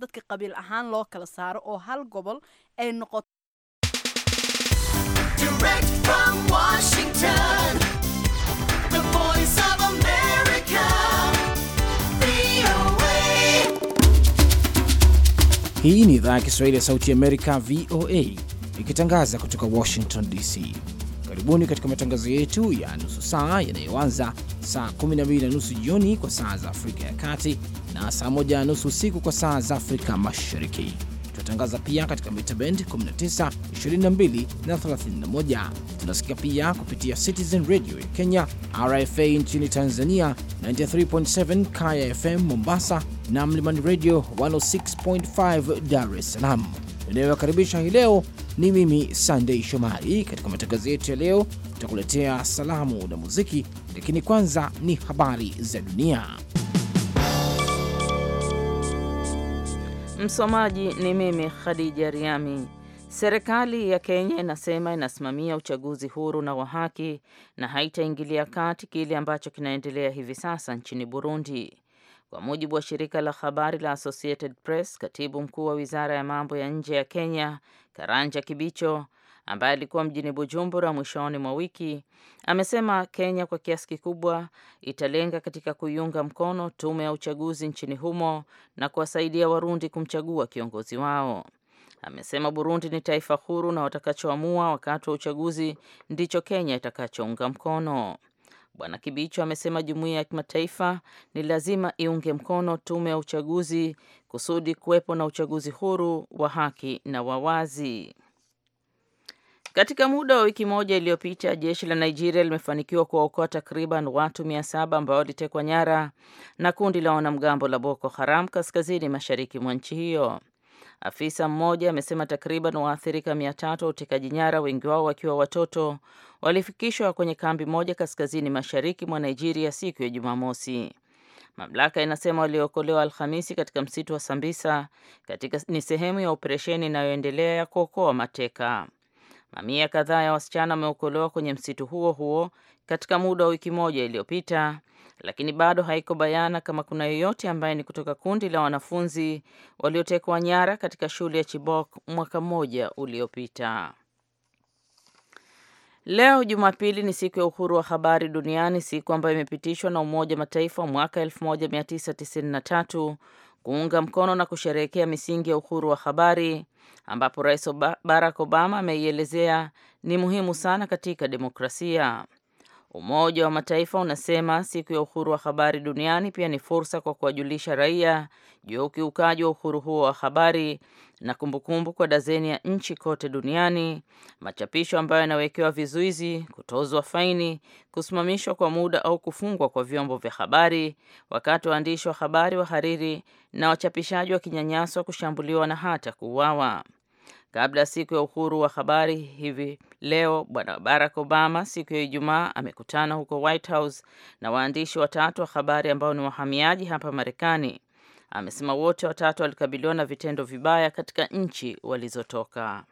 dadka qabiil ahaan loo kala saaro oo hal gobol ay noqoto Hii ni idhaa ya Kiswahili ya Sauti Amerika, VOA, ikitangaza kutoka Washington DC. Karibuni katika matangazo yetu ya nusu saa yanayoanza saa 12 na nusu jioni kwa saa za Afrika ya Kati na saa 1 na nusu usiku kwa saa za Afrika Mashariki. Tunatangaza pia katika mita bend 19, 22 na 31. Tunasikia pia kupitia Citizen Radio ya Kenya, RFA nchini Tanzania 93.7, Kaya FM Mombasa na Mlimani Radio 106.5 Dar es Salaam inayowakaribisha hii leo ni mimi Sandei Shomari. Katika matangazo yetu ya leo, tutakuletea salamu na muziki, lakini kwanza ni habari za dunia. Msomaji ni mimi Khadija Riami. Serikali ya Kenya inasema inasimamia uchaguzi huru na wa haki na haitaingilia kati kile ambacho kinaendelea hivi sasa nchini Burundi. Kwa mujibu wa shirika la habari la Associated Press, katibu mkuu wa wizara ya mambo ya nje ya Kenya Karanja Kibicho ambaye alikuwa mjini Bujumbura mwishoni mwa wiki amesema Kenya kwa kiasi kikubwa italenga katika kuiunga mkono tume ya uchaguzi nchini humo na kuwasaidia Warundi kumchagua kiongozi wao. Amesema Burundi ni taifa huru na watakachoamua wakati wa uchaguzi ndicho Kenya itakachounga mkono. Bwana Kibicho amesema jumuiya ya kimataifa ni lazima iunge mkono tume ya uchaguzi kusudi kuwepo na uchaguzi huru wa haki na wa wazi. Katika muda wa wiki moja iliyopita, jeshi la Nigeria limefanikiwa kuwaokoa takriban watu mia saba ambao walitekwa nyara na kundi la wanamgambo la Boko Haram kaskazini mashariki mwa nchi hiyo. Afisa mmoja amesema takriban waathirika mia tatu wa utekaji nyara, wengi wao wakiwa watoto, walifikishwa kwenye kambi moja kaskazini mashariki mwa Nigeria siku ya Jumamosi. Mamlaka inasema waliokolewa Alhamisi katika msitu wa Sambisa katika ni sehemu ya operesheni inayoendelea ya kuokoa mateka. Mamia kadhaa ya wasichana wameokolewa kwenye msitu huo huo katika muda wa wiki moja iliyopita, lakini bado haiko bayana kama kuna yoyote ambaye ni kutoka kundi la wanafunzi waliotekwa nyara katika shule ya Chibok mwaka mmoja uliopita. Leo Jumapili ni siku ya uhuru wa habari duniani, siku ambayo imepitishwa na Umoja Mataifa mwaka 1993 kuunga mkono na kusherehekea misingi ya uhuru wa habari, ambapo Rais Barack Obama ameielezea ni muhimu sana katika demokrasia. Umoja wa Mataifa unasema siku ya uhuru wa habari duniani pia ni fursa kwa kuwajulisha raia juu ya ukiukaji wa uhuru huo wa habari na kumbukumbu kwa dazeni ya nchi kote duniani, machapisho ambayo yanawekewa vizuizi, kutozwa faini, kusimamishwa kwa muda au kufungwa kwa vyombo vya habari, wakati waandishi wa habari, wahariri na wachapishaji wakinyanyaswa, kushambuliwa na hata kuuawa. Kabla siku ya uhuru wa habari hivi leo, bwana Barack Obama siku ya Ijumaa amekutana huko White House na waandishi watatu wa habari ambao ni wahamiaji hapa Marekani. Amesema wote watatu walikabiliwa na vitendo vibaya katika nchi walizotoka.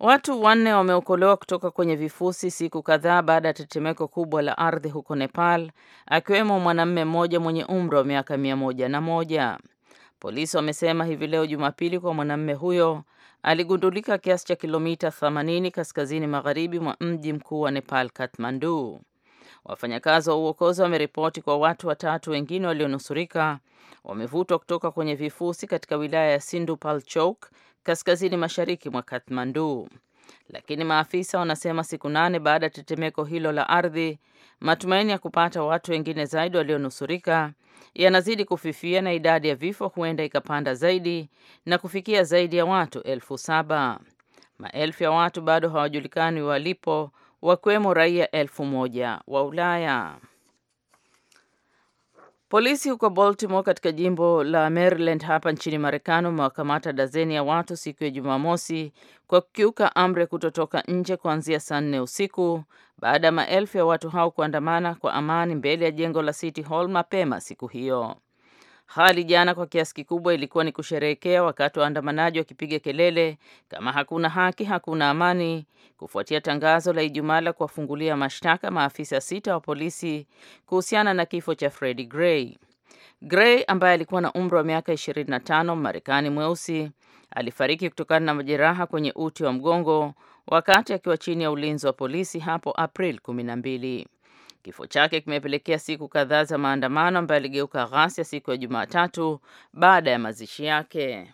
Watu wanne wameokolewa kutoka kwenye vifusi siku kadhaa baada ya tetemeko kubwa la ardhi huko Nepal, akiwemo mwanamume mmoja mwenye umri wa miaka mia moja na moja. Polisi wamesema hivi leo Jumapili kwa mwanamume huyo aligundulika kiasi cha kilomita 80 kaskazini magharibi mwa mji mkuu wa Nepal, Kathmandu. Wafanyakazi wa uokozi wameripoti kwa watu watatu wengine walionusurika wamevutwa kutoka kwenye vifusi katika wilaya ya Sindu Palchok kaskazini mashariki mwa Kathmandu, lakini maafisa wanasema siku nane baada ya tetemeko hilo la ardhi Matumaini ya kupata watu wengine zaidi walionusurika yanazidi kufifia na idadi ya vifo huenda ikapanda zaidi na kufikia zaidi ya watu elfu saba. Maelfu ya watu bado hawajulikani walipo wakiwemo raia elfu moja wa Ulaya. Polisi huko Baltimore katika jimbo la Maryland hapa nchini Marekani wamewakamata dazeni ya watu siku ya Jumamosi kwa kukiuka amri ya kutotoka nje kuanzia saa nne usiku baada ya maelfu ya watu hao kuandamana kwa amani mbele ya jengo la City Hall mapema siku hiyo. Hali jana kwa kiasi kikubwa ilikuwa ni kusherehekea, wakati waandamanaji wakipiga kelele kama hakuna haki, hakuna amani, kufuatia tangazo la Ijumaa la kuwafungulia mashtaka maafisa sita wa polisi kuhusiana na kifo cha Freddie Gray. Gray ambaye alikuwa na umri wa miaka 25, Marekani mweusi, alifariki kutokana na majeraha kwenye uti wa mgongo wakati akiwa chini ya ulinzi wa polisi hapo April 12. Kifo chake kimepelekea siku kadhaa za maandamano ambayo yaligeuka ghasia siku ya Jumatatu baada ya mazishi yake.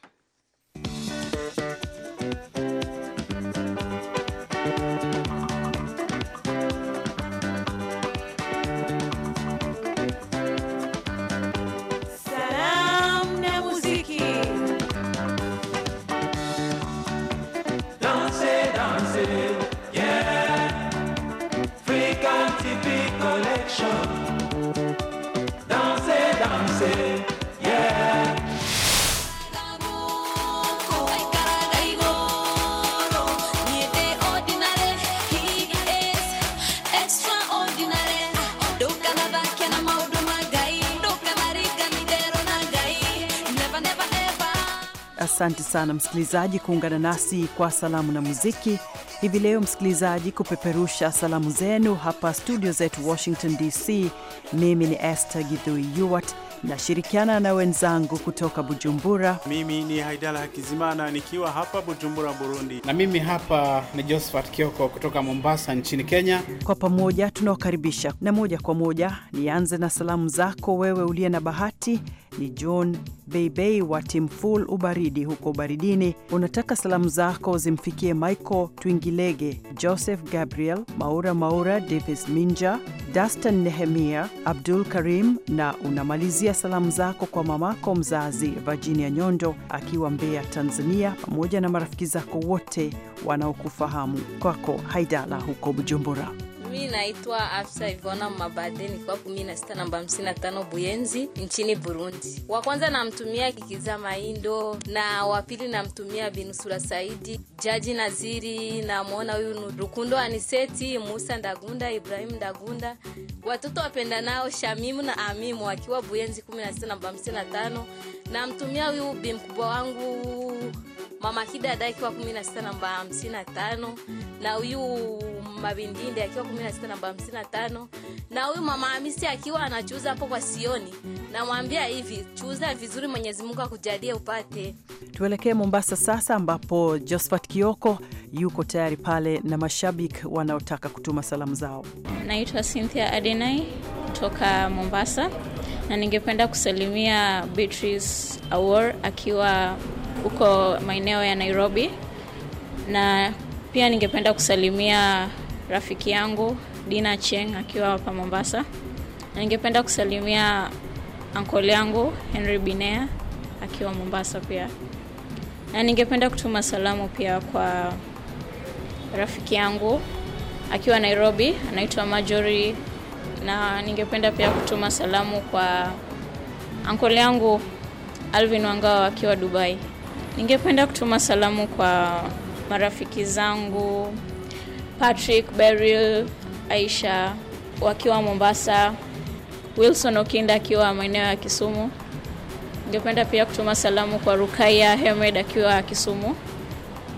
Asante sana msikilizaji kuungana nasi kwa salamu na muziki hivi leo, msikilizaji, kupeperusha salamu zenu hapa studio zetu Washington DC. Mimi ni Esther gidhui yuart nashirikiana na wenzangu kutoka Bujumbura. Mimi ni Haidala Hakizimana nikiwa hapa Bujumbura, Burundi. Na mimi hapa ni Josephat Kioko kutoka Mombasa nchini Kenya. Kwa pamoja tunaokaribisha na moja kwa moja nianze na salamu zako wewe uliye na bahati ni John Beibei wa Timful Ubaridi huko Ubaridini. Unataka salamu zako zimfikie Michael Twingilege, Joseph Gabriel Maura, Maura Davis Minja, Dastan Nehemia, Abdul Karim, na unamalizia salamu zako kwa mamako mzazi Virginia Nyondo akiwa Mbeya, Tanzania, pamoja na marafiki zako wote wanaokufahamu. Kwako Haidala huko Bujumbura mimi naitwa Afsa Ivona Mabade, nilikuwa kumi na sita namba hamsini na tano Buyenzi nchini Burundi. Wa kwanza namtumia Kikiza Maindo na wa pili namtumia Binusura Saidi, Jaji Naziri, namwona huyu Rukundo Aniseti, Musa Ndagunda, Ibrahim Ndagunda, watoto wapenda nao Shamimu na Amimu akiwa Buyenzi kumi na sita namba hamsini na tano. Namtumia huyu bimkubwa wangu Mama Kida Daki wa 16 namba 55 na huyu Mabindinde akiwa 16 namba 55, na huyu mama Hamisi akiwa anachuza hapo kwa sioni, namwambia hivi, chuuza vizuri, Mwenyezi Mungu akujalie upate. Tuelekee Mombasa sasa, ambapo Josphat Kioko yuko tayari pale na mashabiki wanaotaka kutuma salamu zao. Naitwa Cynthia Adenai kutoka Mombasa na ningependa kusalimia Beatrice Awor akiwa huko maeneo ya Nairobi, na pia ningependa kusalimia rafiki yangu Dina Cheng akiwa hapa Mombasa. Ningependa kusalimia ankole yangu Henry Binea akiwa Mombasa pia, na ningependa kutuma salamu pia kwa rafiki yangu akiwa Nairobi anaitwa Majori, na ningependa pia kutuma salamu kwa ankole yangu Alvin Wangao akiwa Dubai. Ningependa kutuma salamu kwa marafiki zangu Patrick Beryl, Aisha wakiwa Mombasa, Wilson Okinda akiwa maeneo ya Kisumu. Ningependa pia kutuma salamu kwa Rukaya Hemed akiwa Kisumu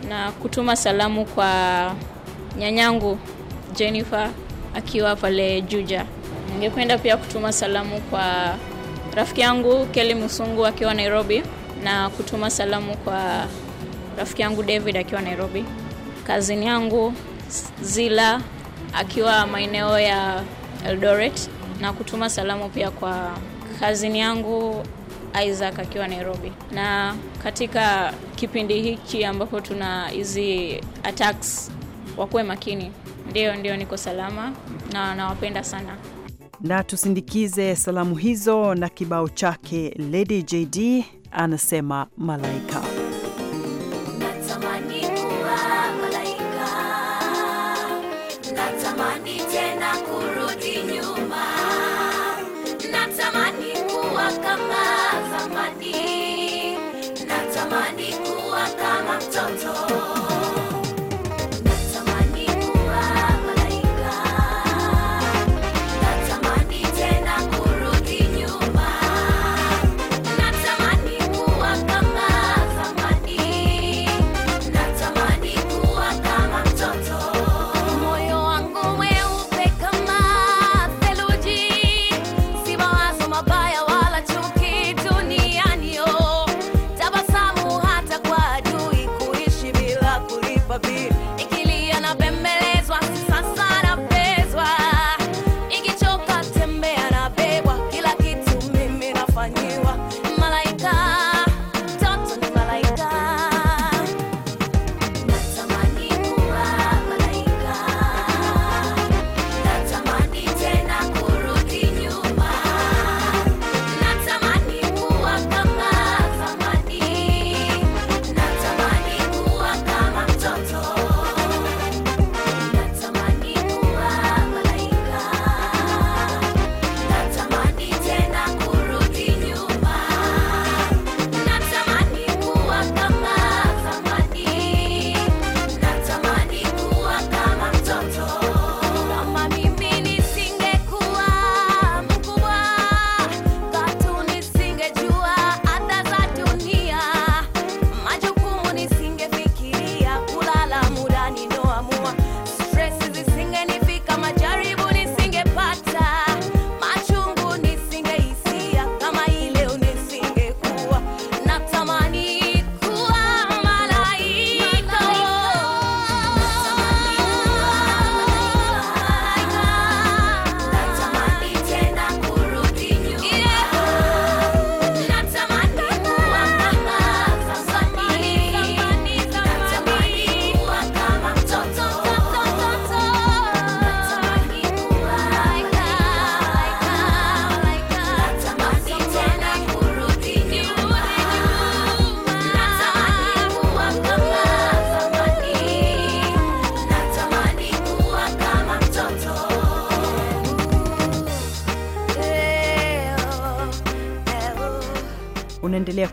na kutuma salamu kwa nyanyangu Jennifer akiwa pale Juja. Ningependa pia kutuma salamu kwa rafiki yangu Kelly Musungu akiwa Nairobi na kutuma salamu kwa rafiki yangu David akiwa Nairobi, kazini yangu Zila akiwa maeneo ya Eldoret na kutuma salamu pia kwa kazini yangu Isaac akiwa Nairobi. Na katika kipindi hiki ambapo tuna hizi attacks wakuwe makini. Ndio, ndio, niko salama na nawapenda sana na tusindikize salamu hizo na kibao chake Lady JD anasema malaika. Money.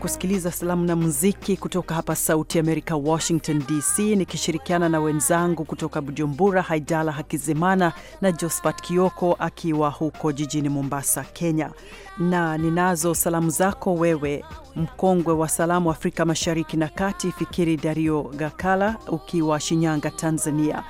kusikiliza salamu na muziki kutoka hapa Sauti Amerika, Washington DC, nikishirikiana na wenzangu kutoka Bujumbura, Haidala Hakizimana na Josphat Kioko akiwa huko jijini Mombasa, Kenya. Na ninazo salamu zako wewe, mkongwe wa salamu Afrika Mashariki na Kati, Fikiri Dario Gakala, ukiwa Shinyanga, Tanzania.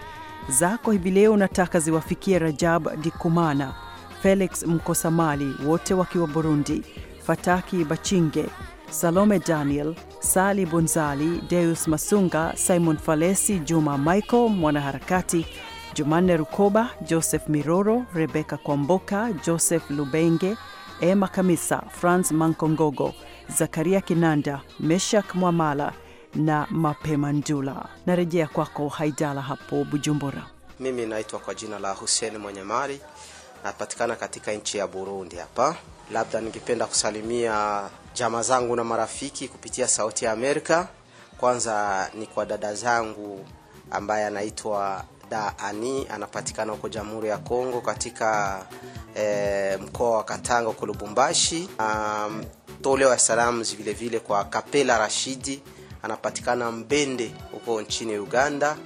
Zako hivi leo unataka ziwafikie Rajab Dikumana, Felix Mkosamali, wote wakiwa Burundi, Fataki Bachinge, Salome Daniel, Sali Bunzali, Deus Masunga, Simon Falesi, Juma Michael mwanaharakati, Jumanne Rukoba, Joseph Miroro, Rebeka Kwamboka, Joseph Lubenge, Emma Kamisa, Franz Mankongogo, Zakaria Kinanda, Meshak Mwamala na Mapema Ndula. Narejea kwako Haidala hapo Bujumbura. Mimi naitwa kwa jina la Hussein Mwenye napatikana katika nchi ya Burundi hapa. Labda ningependa kusalimia jamaa zangu na marafiki kupitia Sauti ya Amerika. Kwanza ni kwa dada zangu ambaye anaitwa da ani anapatikana huko Jamhuri ya Kongo katika e, mkoa wa Katanga huko Lubumbashi. Um, toleo ya salamu vile vile kwa Kapela Rashidi anapatikana Mbende huko nchini Uganda.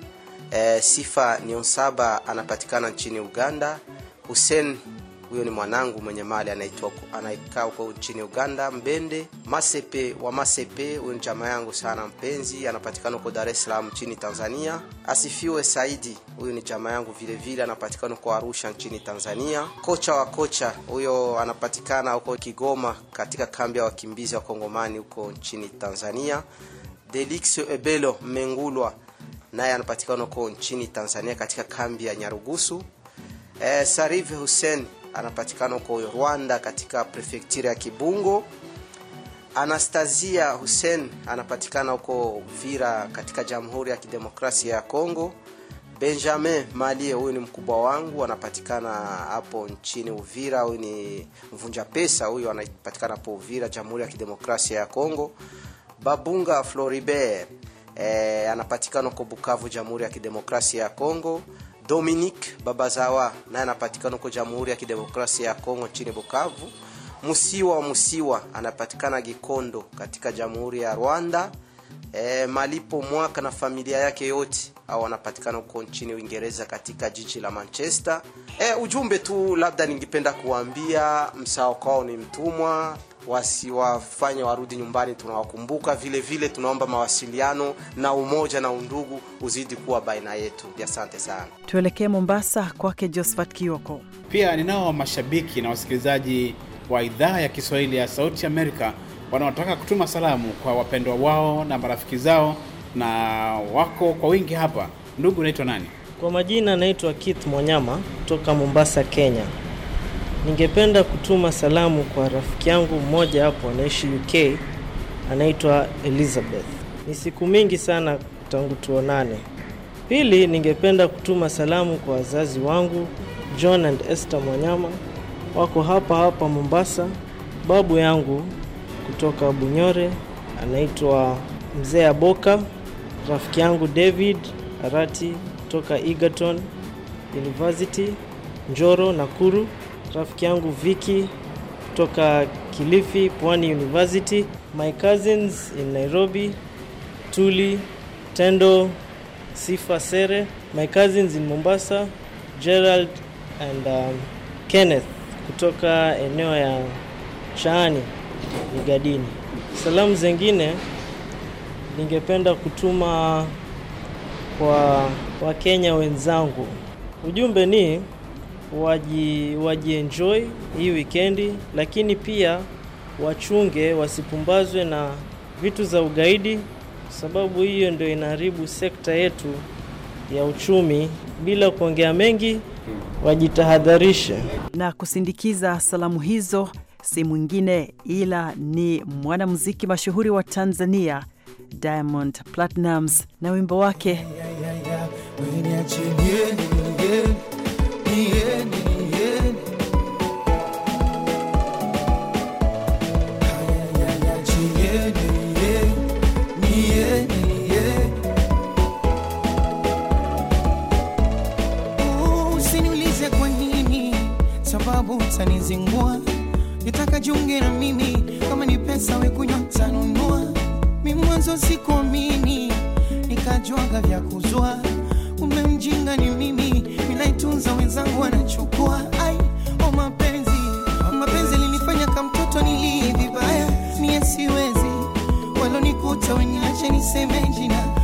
E, Sifa Nionsaba anapatikana nchini Uganda. Hussein huyo ni mwanangu mwenye mali anaitwa anaikaa huko nchini Uganda, Mbende Masepe wa Masepe. Huyo ni chama yangu sana mpenzi, anapatikana huko Dar es Salaam nchini Tanzania. Asifiwe Saidi, huyo ni chama yangu vile vile, anapatikana huko Arusha nchini Tanzania. Kocha wa kocha huyo anapatikana huko Kigoma katika kambi ya wakimbizi wa Kongomani huko nchini Tanzania. Delix Ebelo Mengulwa naye anapatikana huko nchini Tanzania katika kambi ya Nyarugusu. Eh, sarive Hussein anapatikana huko Rwanda katika prefecture ya Kibungo. Anastasia Hussein anapatikana huko vira katika Jamhuri ya Kidemokrasia ya Kongo. Benjamin Malie, huyu ni mkubwa wangu, anapatikana hapo nchini Uvira. Huyu ni mvunja pesa, huyu anapatikana hapo Uvira, Jamhuri ya Kidemokrasia ya Kongo. Babunga Floribert eh, anapatikana huko Bukavu, Jamhuri ya Kidemokrasia ya Kongo. Dominique Babazawa naye anapatikana huko Jamhuri ya Kidemokrasia ya Kongo nchini Bukavu. Musiwa wa Musiwa anapatikana Gikondo katika Jamhuri ya Rwanda. E, Malipo Mwaka na familia yake yote au wanapatikana huko nchini Uingereza katika jiji la Manchester. E, ujumbe tu labda ningependa kuambia msao kwao ni mtumwa wasiwafanye warudi nyumbani, tunawakumbuka vile vile. Tunaomba mawasiliano na umoja na undugu uzidi kuwa baina yetu. Asante sana. Tuelekee Mombasa kwake josphat Kioko. Pia ninao mashabiki na wasikilizaji wa idhaa ya Kiswahili ya Sauti Amerika wanaotaka kutuma salamu kwa wapendwa wao na marafiki zao, na wako kwa wingi hapa. Ndugu, unaitwa nani? Kwa majina anaitwa kith Mwanyama kutoka Mombasa, Kenya. Ningependa kutuma salamu kwa rafiki yangu mmoja hapo anaishi UK, anaitwa Elizabeth. Ni siku mingi sana tangu tuonane. Pili, ningependa kutuma salamu kwa wazazi wangu John and Esther Mwanyama, wako hapa hapa Mombasa. Babu yangu kutoka Bunyore anaitwa Mzee Aboka, rafiki yangu David Arati kutoka Egerton University, Njoro, Nakuru rafiki yangu viki kutoka Kilifi Pwani University, my cousins in Nairobi, Tuli, Tendo, Sifa Sere, my cousins in Mombasa, Gerald and um, Kenneth kutoka eneo ya Chaani Migadini. Salamu zingine ningependa kutuma kwa Wakenya wenzangu. Ujumbe ni waji wajienjoy hii wikendi, lakini pia wachunge wasipumbazwe na vitu za ugaidi, sababu hiyo ndio inaharibu sekta yetu ya uchumi. Bila kuongea mengi, wajitahadharishe. Na kusindikiza salamu hizo si mwingine ila ni mwanamuziki mashuhuri wa Tanzania Diamond Platnumz na wimbo wake yeah, yeah, yeah. utanizingua, nitaka jiunge na mimi, kama ni pesa wekunywa tanunua. Mi mwanzo sikuamini, nikajwaga vya kuzua, umemjinga ni mimi, ninaitunza wenzangu wanachukua. Ai, o oh mapenzi, oh mapenzi linifanya kamtoto nilii vibaya, mie siwezi walonikuta wenyeache niseme jina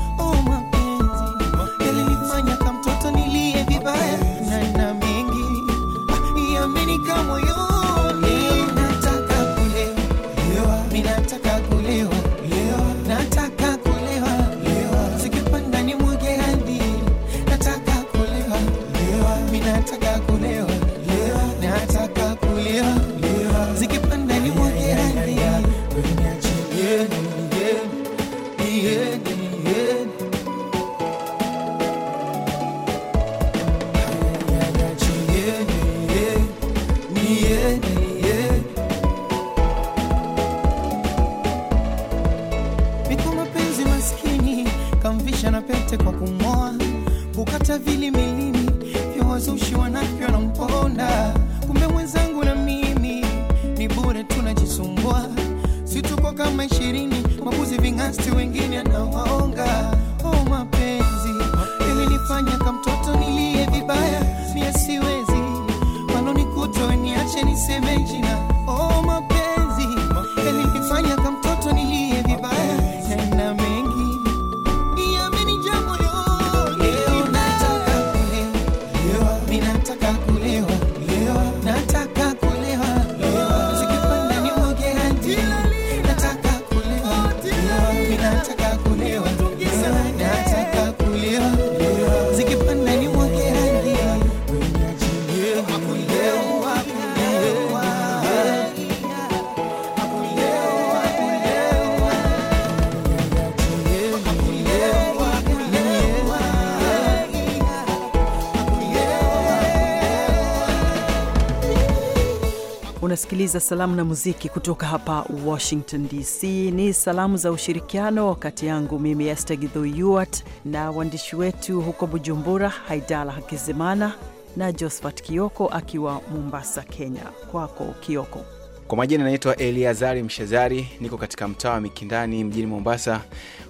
za salamu na muziki kutoka hapa Washington DC. Ni salamu za ushirikiano kati yangu mimi Esther Githo Yuart na waandishi wetu huko Bujumbura, Haidala Hakizimana na Josephat Kioko akiwa Mombasa, Kenya. Kwako Kioko. Kwa majina naitwa Eliazari Mshazari, niko katika mtaa wa Mikindani mjini Mombasa.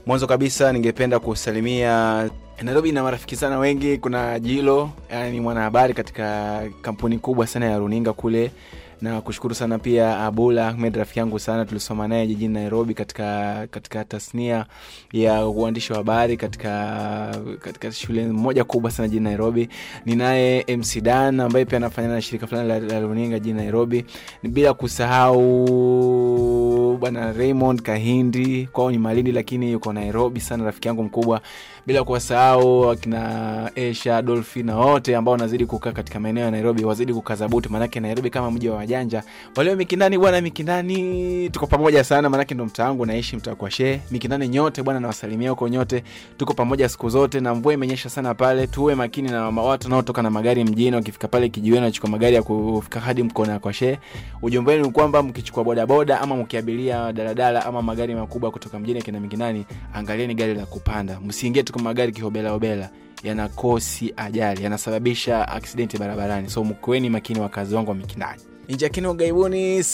Mwanzo kabisa ningependa kusalimia Nairobi na marafiki sana wengi. Kuna Jilo, yani mwanahabari katika kampuni kubwa sana ya runinga kule na kushukuru sana pia Abula Ahmed, rafiki yangu sana, tulisoma naye jijini Nairobi katika, katika tasnia ya uandishi wa habari katika, katika shule moja kubwa sana jijini Nairobi. Ninaye MC Dan ambaye pia anafanyana na shirika fulani la, la runinga jijini Nairobi, bila kusahau bwana Raymond Kahindi, kwao ni Malindi lakini yuko Nairobi sana, rafiki yangu mkubwa bila kuwasahau akina Esha, Dolphin na wote ambao wanazidi kukaa katika maeneo ya Nairobi, wazidi kukazabuti, maanake Nairobi kama mji wa wajanja. Walio Mikindani bwana, Mikindani tuko pamoja sana, maanake ndo mtaangu wangu naishi, mtaa kwa shehe Mikindani. Nyote bwana, nawasalimia huko nyote, tuko pamoja siku zote, na mvua imenyesha sana pale, tuwe makini na watu wanaotoka na magari mjini. Wakifika pale kijiweni, wachukua magari ya kufika hadi mkono kwa shehe. Ujumbe wenu ni kwamba mkichukua bodaboda ama mkiabilia daladala ama magari makubwa kutoka mjini kina Mikindani, angalieni gari la kupanda, msiingie katika magari kihobelahobela yanakosi ajali yanasababisha aksidenti barabarani so mkweni makini wakazi wangu wa mikinani njakini ugaibuni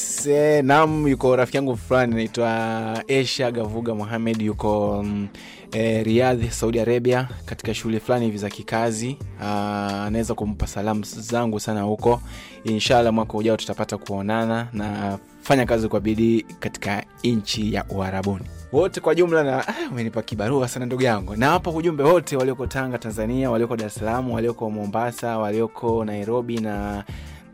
nam yuko rafiki yangu fulani naitwa esha gavuga muhamed yuko mm, e, eh, riadh saudi arabia katika shughuli fulani hivi za kikazi ah, anaweza kumpa salamu zangu sana huko inshallah mwaka ujao tutapata kuonana na fanya kazi kwa bidii katika nchi ya uharabuni wote kwa jumla na ah, umenipa kibarua sana ndugu yangu nawapa ujumbe wote walioko tanga tanzania walioko dares salam walioko mombasa walioko nairobi na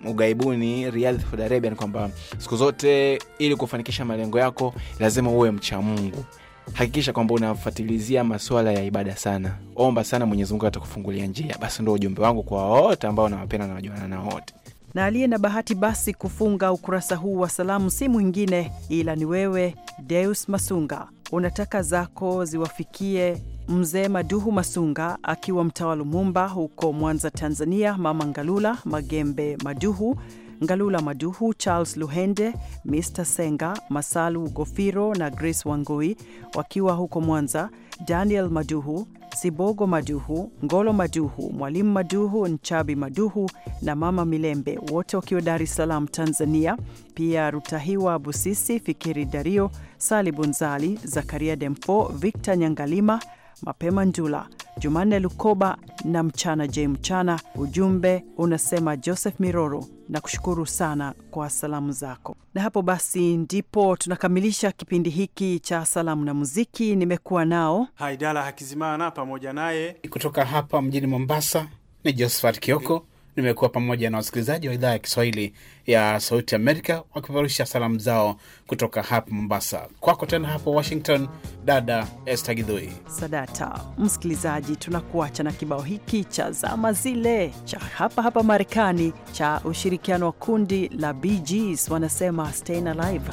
ugaibuni Riyadh, ni kwamba siku zote ili kufanikisha malengo yako lazima uwe mcha Mungu. Hakikisha kwamba unafatilizia maswala ya ibada sana, omba sana, mwenyezimungu atakufungulia njia. Basi ndo ujumbe wangu kwa wote ambao nawapenda nawajuana na wote na aliye na bahati basi kufunga ukurasa huu wa salamu si mwingine ila ni wewe Deus Masunga. Unataka zako ziwafikie mzee Maduhu Masunga akiwa mtawa Lumumba huko Mwanza, Tanzania, mama Ngalula Magembe Maduhu Ngalula Maduhu, Charles Luhende, Mr Senga, Masalu Gofiro na Grace Wangoi wakiwa huko Mwanza, Daniel Maduhu, Sibogo Maduhu, Ngolo Maduhu, Mwalimu Maduhu, Nchabi Maduhu na Mama Milembe, wote wakiwa Dar es Salaam, Tanzania. Pia Rutahiwa Busisi, Fikiri Dario, Sali Bunzali, Zakaria Demfo, Victor Nyangalima mapema njula Jumanne Lukoba na Mchana J Mchana. Ujumbe unasema Joseph Miroro na kushukuru sana kwa salamu zako. Na hapo basi ndipo tunakamilisha kipindi hiki cha salamu na muziki. Nimekuwa nao Haidala Hakizimana pamoja naye kutoka hapa mjini Mombasa ni Josephat Kioko nimekuwa pamoja na wasikilizaji wa idhaa ya Kiswahili ya Sauti Amerika wakipeperusha salamu zao kutoka hapa Mombasa. Kwako tena hapo Washington, dada estagidhui Gidhui Sadata. Msikilizaji, tunakuacha na kibao hiki cha zama zile cha hapa hapa Marekani cha ushirikiano wa kundi la bgs wanasema Stayin' Alive.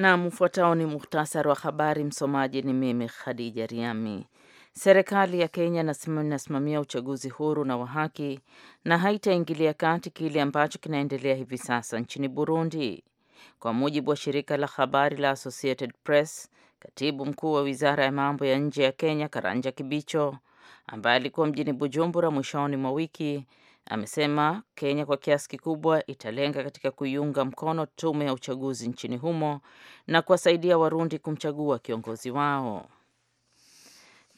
Na mfuatao ni muhtasari wa habari. Msomaji ni mimi Khadija Riami. Serikali ya Kenya inasimamia uchaguzi huru na wa haki na haitaingilia kati kile ambacho kinaendelea hivi sasa nchini Burundi, kwa mujibu wa shirika la habari la Associated Press. Katibu mkuu wa wizara ya mambo ya nje ya Kenya Karanja Kibicho, ambaye alikuwa mjini Bujumbura mwishoni mwa wiki, amesema Kenya kwa kiasi kikubwa italenga katika kuiunga mkono tume ya uchaguzi nchini humo na kuwasaidia Warundi kumchagua kiongozi wao.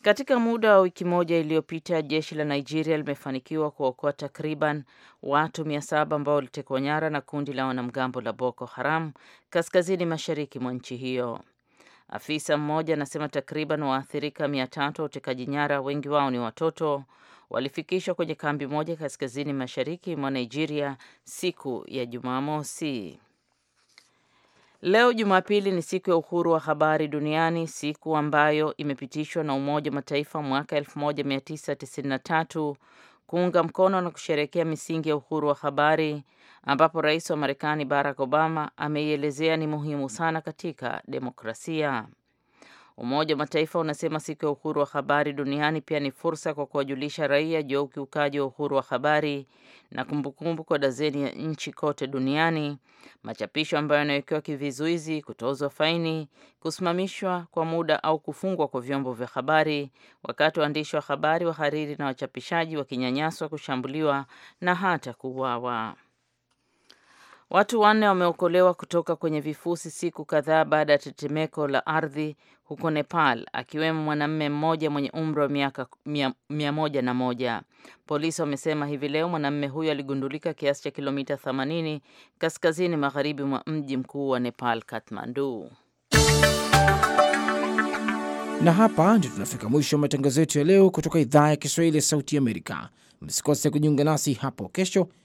Katika muda wa wiki moja iliyopita, jeshi la Nigeria limefanikiwa kuwaokoa takriban watu saba ambao walitekwa nyara na kundi la wanamgambo la Boko Haram kaskazini mashariki mwa nchi hiyo. Afisa mmoja anasema takriban waathirika tatu wa utekaji nyara, wengi wao ni watoto, walifikishwa kwenye kambi moja kaskazini mashariki mwa Nigeria siku ya Jumamosi. Leo Jumapili ni siku ya uhuru wa habari duniani, siku ambayo imepitishwa na Umoja wa Mataifa mwaka 1993 kuunga mkono na kusherekea misingi ya uhuru wa habari, ambapo rais wa Marekani Barack Obama ameielezea ni muhimu sana katika demokrasia. Umoja wa Mataifa unasema siku ya uhuru wa habari duniani pia ni fursa kwa kuwajulisha raia juu ya ukiukaji wa uhuru wa habari na kumbukumbu kwa dazeni ya nchi kote duniani, machapisho ambayo yanawekewa kivizuizi, kutozwa faini, kusimamishwa kwa muda au kufungwa kwa vyombo vya habari, wakati waandishi wa habari, wahariri na wachapishaji wakinyanyaswa, kushambuliwa na hata kuuawa. Watu wanne wameokolewa kutoka kwenye vifusi siku kadhaa baada ya tetemeko la ardhi huko Nepal, akiwemo mwanamume mmoja mwenye umri wa miaka mia moja na moja. Polisi wamesema hivi leo mwanamume huyo aligundulika kiasi cha kilomita 80 kaskazini magharibi mwa mji mkuu wa Nepal, Kathmandu. Na hapa ndio tunafika mwisho wa matangazo yetu ya leo kutoka idhaa ya Kiswahili ya Sauti Amerika. Msikose kujiunga nasi hapo kesho